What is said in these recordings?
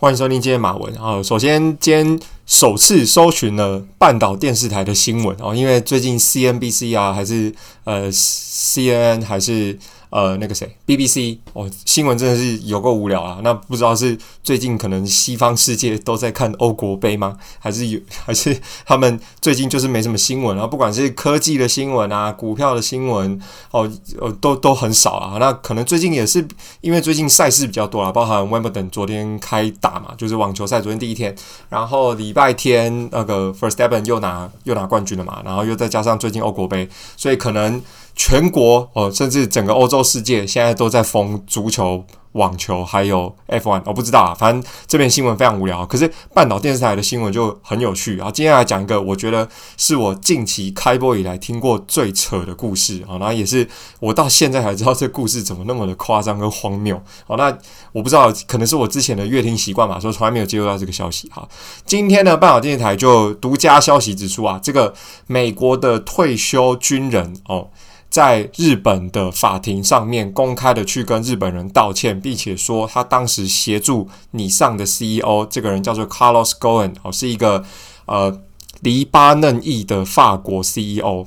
歡迎收聽《今日馬文》啊、哦，首先今天首次搜尋了半島電視台的新聞啊、哦，因為最近 CNBC 啊，還是呃 CNN 還是。呃，那個誰，BBC 哦，新聞真的是有夠無聊啊！那不知道是最近可能西方世界都在看歐國杯嗎？還是有還是他們最近就是沒什麼新聞啊？不管是科技的新聞啊，股票的新聞哦，呃，都都很少啊。那可能最近也是因為最近賽事比較多啊，包含 Wimbledon 昨天開打嘛，就是網球賽昨天第一天，然後禮拜天那個 Verstappen 又拿又拿冠軍了嘛，然後又再加上最近歐國杯，所以可能。全國哦、呃，甚至整個歐洲世界現在都在封足球、網球，還有 F1、哦。我不知道啊，反正這邊新聞非常無聊。可是半島電視台的新聞就很有趣啊。接下來講一個我覺得是我近期開播以來聽過最扯的故事啊，那也是我到現在才知道這故事怎麼那麼的誇張跟荒謬。好、啊，那我不知道，可能是我之前的閱聽習慣吧，所以從來沒有接觸到這個消息哈、啊。今天呢，半島電視台就獨家消息指出啊，這個美國的退休軍人哦。啊在日本的法庭上面，公開的去跟日本人道歉，並且說他當時協助你上的 CEO，這個人叫做 Carlos Ghosn 哦，是一個呃黎巴嫩裔的法國 CEO。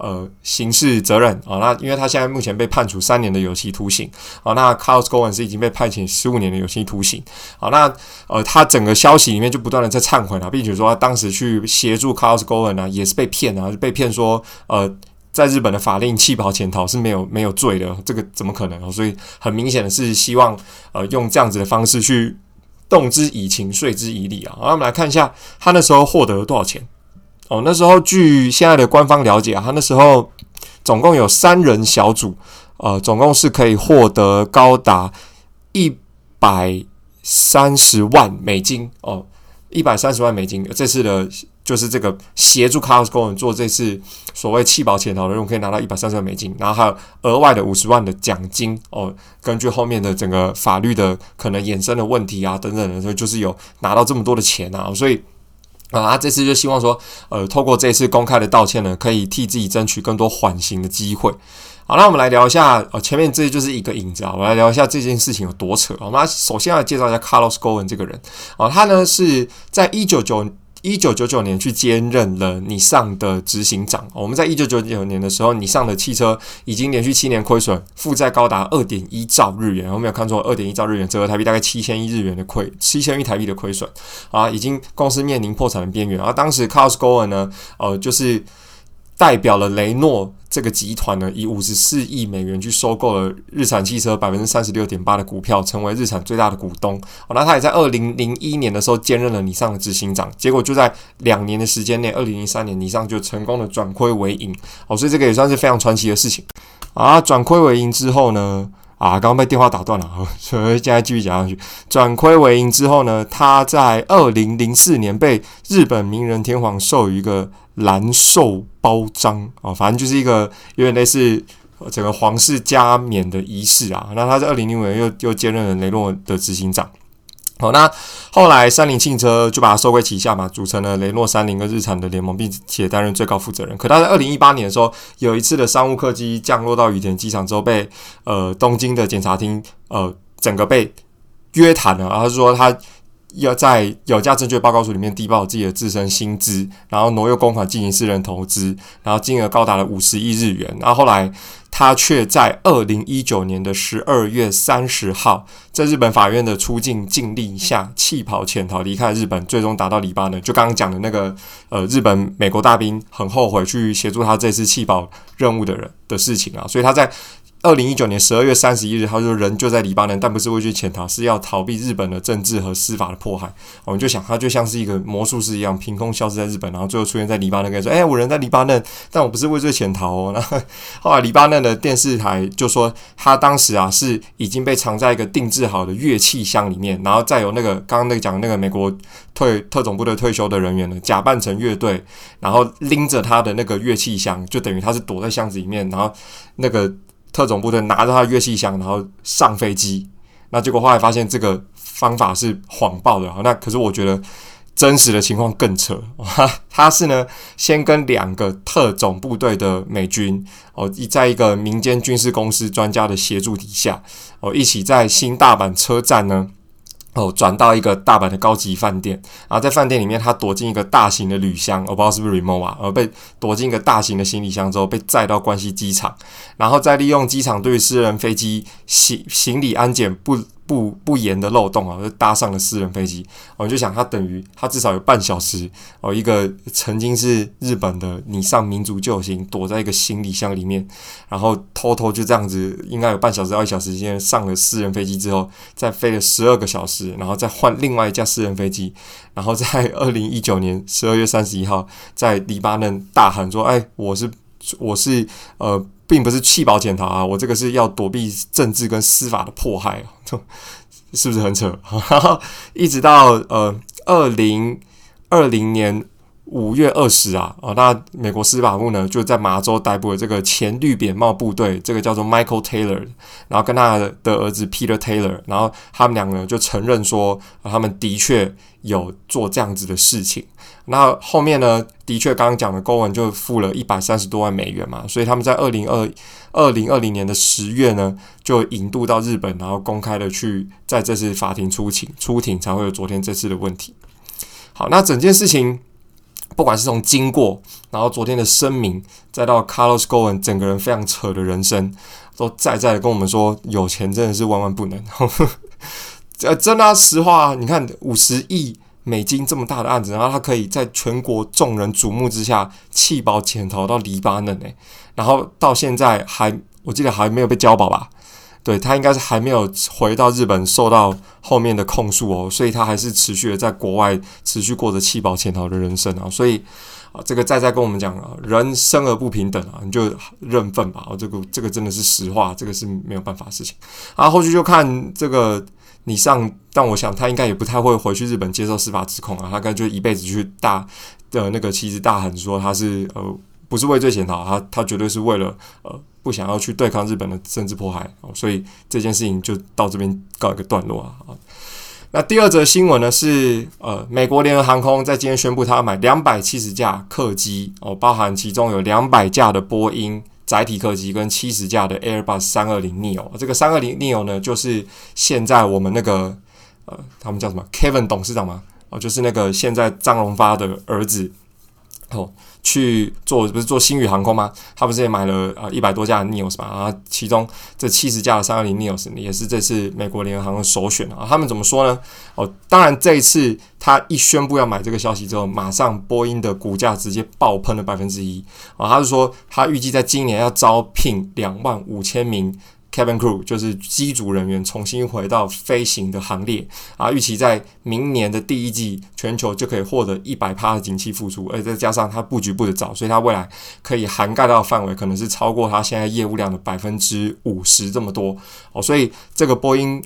呃，刑事責任啊、哦，那因為他現在目前被判處三年的有期徒刑啊、哦，那 Carlos Ghosn 是已經被判刑十五年的有期徒刑啊、哦，那呃，他整個消息裡面就不斷的在懺悔啊，並且說他當時去協助 Carlos Ghosn 啊，也是被騙啊，被騙說呃，在日本的法令棄保潛逃是沒有沒有罪的，這個怎麼可能啊？所以很明顯的是希望呃，用這樣子的方式去動之以情，說之以理啊。好，那我們來看一下他那時候獲得了多少錢。哦，那時候據現在的官方了解啊，他那時候總共有三人小組，呃，總共是可以獲得高達一百三十萬美金哦，一百三十萬美金這次的，就是這個協助卡洛斯·高恩做這次所謂棄保潛逃的任務，可以拿到一百三十萬美金，然後還有額外的五十萬的獎金哦。根據後面的整個法律的可能衍生的問題啊等等的，所以就是有拿到這麼多的錢啊，所以。啊，他這次就希望說，呃，透過這次公開的道歉呢，可以替自己爭取更多緩刑的機會。好，那我們來聊一下，呃，前面這就是一個引子啊，我來聊一下這件事情有多扯。我、啊、們首先要介紹一下 Carlos Ghosn 這個人，哦、啊，他呢是在一九九。一九九九年去兼任了尼桑的執行長。我們在一九九九年的時候，尼桑的汽車已經連續七年虧損，負債高達二點一兆日元。我沒有看錯，二點一兆日元折合，這個，台幣大概七千億日元的虧，七千億台幣的虧損啊，已經公司面臨破產的邊緣。而，啊、當時卡洛斯·戈恩呢，呃，就是代表了雷諾。這個集團呢，以五十四億美元去收購了日產汽車百分之三十六點八的股票，成為日產最大的股東。然、哦、那他也在二零零一年的時候兼任了尼桑的執行長，結果就在兩年的時間內，二零零三年尼桑就成功的轉虧為盈。好、哦、所以這個也算是非常傳奇的事情。啊，轉虧為盈之後呢？啊，剛剛被電話打斷了，所以現在繼續講下去。轉虧為盈之後呢，他在二零零四年被日本明仁天皇授予一個藍綬褒章啊，反正就是一個有點類似整個皇室加冕的儀式啊。那他在二零零五年又又兼任了雷諾的執行長。好，那後來三菱汽車就把它收歸旗下嘛，組成了雷諾三菱跟日產的聯盟，並且擔任最高負責人。可他在二零一八年的時候，有一次的商務客機降落到羽田機場之後被，被呃東京的檢察廳呃整個被約談了。然後他說他。要在有價證券報告書裡面低報自己的自身薪資，然後挪用公款進行私人投資，然後金額高達了五十億日元。然後後來他卻在二零一九年的十二月三十號，在日本法院的出境禁令下棄保，潛逃，離開日本，最終達到黎巴嫩。就剛剛講的那個呃，日本美國大兵很後悔去協助他這次棄保任務的人的事情啊，所以他在。二零一九年十二月三十一日，他說：“人就在黎巴嫩，但不是畏罪潛逃，是要逃避日本的政治和司法的迫害。”我們就想，他就像是一個魔術師一樣，憑空消失在日本，然後最後出現在黎巴嫩，跟說：“欸，我人在黎巴嫩，但我不是畏罪潛逃哦。”然後，後來，黎巴嫩的電視台就說，他當時啊是已經被藏在一個定製好的樂器箱裡面，然後再由那個剛剛那個講那個美國退特種部隊退休的人員呢，假扮成樂隊，然後拎着他的那個樂器箱，就等於他是躲在箱子裡面，然後那個。特種部隊拿着他的樂器箱，然後上飛機，那結果後來發現這個方法是謊報的。那可是我覺得真實的情況更扯，他是呢先跟兩個特種部隊的美軍哦，在一個民間軍事公司專家的協助底下哦，一起在新大阪車站呢。哦，轉到一個大阪的高級飯店，然後在飯店裡面，他躲進一個大型的旅箱，我、哦、不知道是不是 remove 啊，而被躲進一個大型的行李箱之後，被載到關西機場，然後再利用機場對私人飛機行行李安檢不不不嚴的漏洞啊，就搭上了私人飛機。我、哦、們就想它，他等於他至少有半小時哦，一個曾經是日本的 Nissan 民族救星，躲在一個行李箱裡面，然後偷偷就這樣子，應該有半小時到一小時之間上了私人飛機之後，再飛了十二個小時，然後再換另外一架私人飛機，然後在二零一九年十二月三十一號在黎巴嫩大喊說：“哎、欸，我是我是呃。”並不是棄保潛逃啊，我這個是要躲避政治跟司法的迫害啊， 是不是很扯？ 一直到呃二零二零年五月二十啊，哦、呃，那美國司法部呢就在馬州逮捕了這個前綠扁帽部隊，這個叫做 Michael Taylor，然後跟他的兒子 Peter Taylor，然後他們兩個人就承認說、呃、他們的確有做這樣子的事情。那後面呢？的確，剛剛講的高文就付了一百三十多萬美元嘛，所以他們在二零二二零二零年的十月呢，就引渡到日本，然後公開的去在這次法庭出庭，出庭才會有昨天這次的問題。好，那整件事情，不管是從經過，然後昨天的聲明，再到 Carlos 高文整個人非常扯的人生，都在在跟我們說，有錢真的是萬萬不能。呃呵呵，真的、啊、實話，你看五十億。美金這麼大的案子，然後他可以在全國眾人矚目之下棄保潛逃到黎巴嫩誒，然後到現在還我記得還沒有被交保吧？對，他應該是還沒有回到日本受到後面的控訴哦，所以他還是持續的在國外持續過着棄保潛逃的人生啊，所以啊這個再再跟我們講啊，人生而不平等啊，你就認份吧，哦這個這個真的是實話，這個是沒有辦法的事情啊，然後，後續就看這個。你上，但我想他應該也不太會回去日本接受司法指控啊，他該就一輩子去大的、呃、那個妻子大喊說他是呃不是畏罪潛逃，他他絕對是為了呃不想要去對抗日本的政治迫害，哦、所以這件事情就到這邊告一個段落啊，那第二則新聞呢是呃美國聯合航空在今天宣布，他要買兩百七十架客機哦，包含其中有兩百架的波音，載體客機跟七十架的 Airbus 三二零 Neo，這個三二零 Neo 呢，就是現在我們那個呃，他們叫什麼 Kevin 董事長嗎？哦、呃，就是那個現在張榮發的兒子。哦，去做不是做星宇航空嗎？他不是也買了啊一百多架 neos 嘛，然後其中這七十架的三二零 neos 也是這次美國聯合航空首選啊。他們怎麼說呢？哦，當然這一次他一宣布要買這個消息之後，馬上波音的股價直接爆噴了百分之一啊。他就說他預計在今年要招聘兩萬五千名。Cabin Crew 就是機組人員重新回到飛行的行列啊，預期在明年的第一季，全球就可以獲得一百趴的景氣復出，而且再加上它布局布得早，所以它未來可以涵蓋到的範圍可能是超過它現在業務量的百分之五十這麼多哦，所以這個波音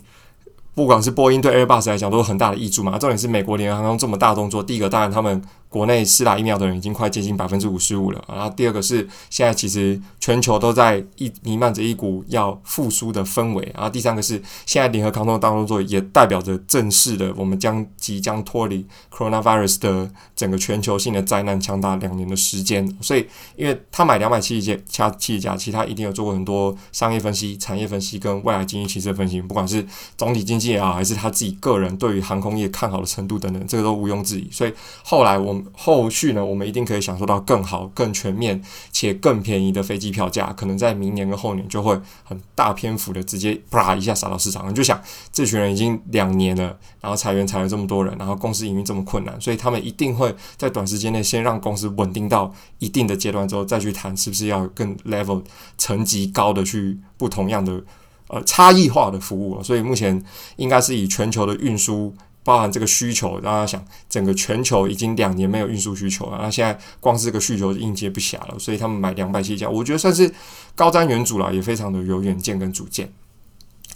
不管是波音對 Airbus 來講都有很大的益處嘛，重點是美國聯合航空這麼大動作，第一個當然他們。國內施打疫苗的人已經快接近百分之五十五了，然、啊、後第二個是現在其實全球都在一彌漫着一股要復甦的氛圍，然、啊、後第三個是現在聯合康制當中做也代表着正式的我們將即將脫離 coronavirus 的整個全球性的災難長達兩年的時間，所以因為他買兩百七十架加七十架，其他一定有做過很多商業分析、產業分析跟未來經濟形勢分析，不管是總體經濟也好，還是他自己個人對於航空業看好的程度等等，這個都毋庸置疑。所以後來我們。後續呢，我們一定可以享受到更好、更全面且更便宜的飛機票價。可能在明年跟後年就會很大篇幅的直接啪一下撒到市場上。你就想，這群人已經兩年了，然後裁員裁了這麼多人，然後公司營運這麼困難，所以他們一定會在短時間內先讓公司穩定到一定的階段之後，再去談是不是要更 level 層級高的去不同樣的呃差異化的服務。所以目前應該是以全球的運輸。包含這個需求，大家想，整個全球已經兩年沒有運輸需求了，那現在光是這個需求應接不暇了，所以他們買兩百七十架，我覺得算是高瞻遠矚了，也非常的有遠見跟主見。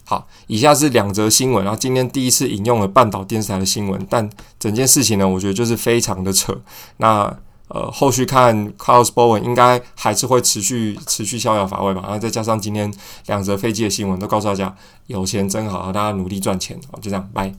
好，以下是兩則新聞，然後今天第一次引用了半島電視台的新聞，但整件事情呢，我覺得就是非常的扯。那呃，後續看 Carlos Ghosn 應該還是會持續持續逍遙法外吧，然後再加上今天兩則飛機的新聞，都告訴大家有錢真好，大家努力賺錢。好，就這樣，拜。